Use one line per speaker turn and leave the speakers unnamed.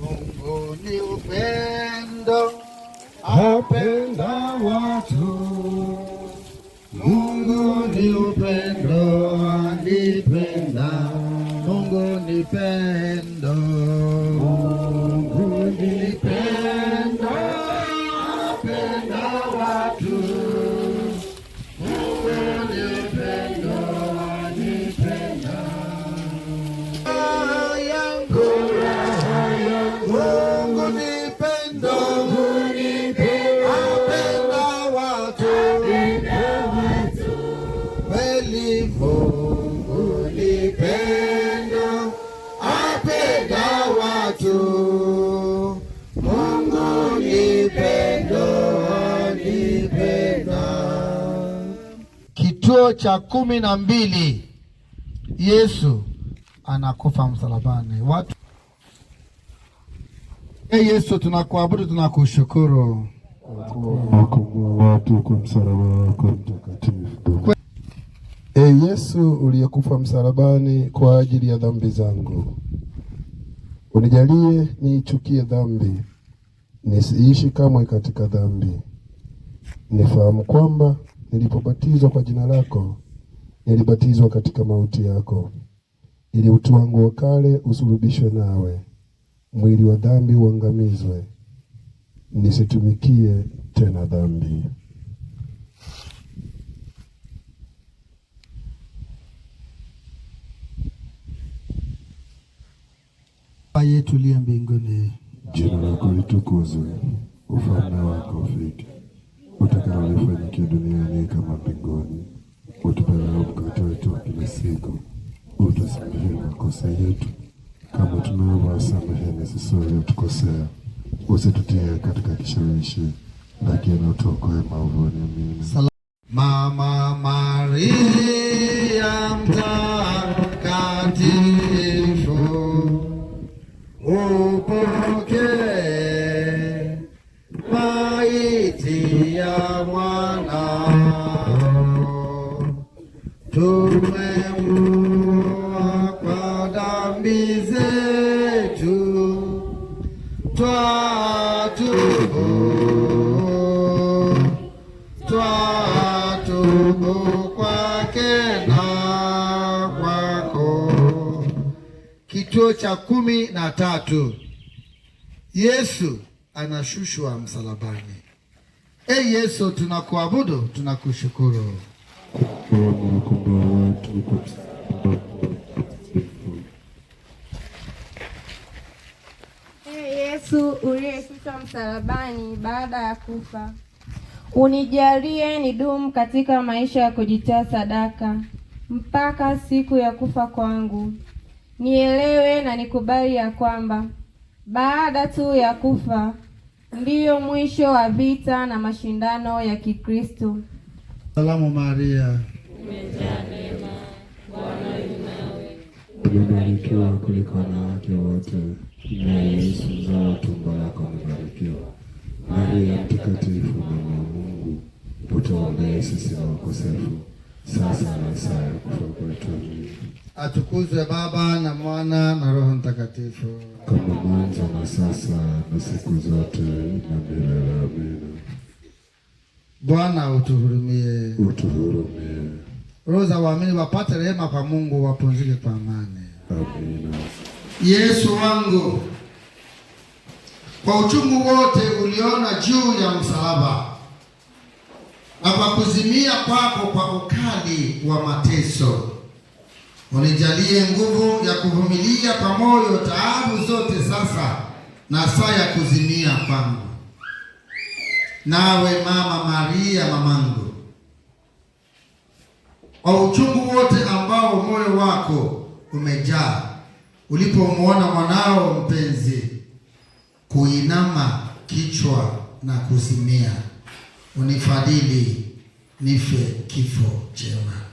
Mungu ni upendo, apenda watu. Mungu ni upendo, alipenda. Mungu ni pendo watu, Mungu ni pendo, anipenda.
Kituo cha kumi na mbili, Yesu anakufa msalabani. Watu Hey Yesu, tunakuabudu tunakushukuru
Ee Yesu uliyekufa msalabani kwa ajili ya dhambi zangu. Unijalie niichukie dhambi, nisiishi kamwe katika dhambi. Nifahamu kwamba nilipobatizwa kwa jina lako, nilibatizwa katika mauti yako, ili utu wangu wa kale usulubishwe nawe, mwili wa dhambi uangamizwe, nisitumikie tena dhambi.
yetu liye mbinguni,
jina lako litukuzwe, ufalme wako ufike, utakalo lifanyike duniani kama mbinguni. Utupe leo mkate wetu wa kila siku, utusamehe makosa yetu kama tunavyowasamehe na sisi waliotukosea, usitutie katika kishawishi, lakini utuokoe maovuni. Amina.
Mama Maria mtakatifu ya mwanao tumeua kwa dhambi zetu, twatubu twatubu kwake na kwako.
Kituo cha kumi na tatu, Yesu anashushwa msalabani hey ee Yesu, tunakuabudu, tunakushukuru
ee Yesu uliyeshuka msalabani baada ya kufa, unijalie nidumu katika maisha ya kujitoa sadaka mpaka siku ya kufa kwangu. Nielewe na nikubali ya kwamba baada tu ya kufa ndiyo mwisho wa vita na mashindano ya Kikristo.
Salamu Maria,
umebarikiwa kuliko wanawake wote, na Yesu mzao tumbo lako umebarikiwa. Maria mtakatifu, mama wa Mungu, utuombee sisi na wakosefu sasa na saa ya kufa kwetu.
Atukuzwe Baba na Mwana na Roho Mtakatifu,
kama mwanzo na sasa na siku zote na milele. Amina.
Bwana utuhurumie,
utuhurumie.
Roho za waamini wapate rehema kwa Mungu, wapumzike kwa amani.
Amina.
Yesu wangu, kwa uchungu wote uliona juu ya msalaba kuzimia kwako kwa ukali wa mateso, unijalie nguvu ya kuvumilia kwa moyo taabu zote sasa na saa ya kuzimia kwangu. Nawe Mama Maria, mamangu, kwa uchungu wote ambao moyo wako umejaa ulipomwona mwanao mpenzi kuinama kichwa na kuzimia, unifadhili nife kifo chema.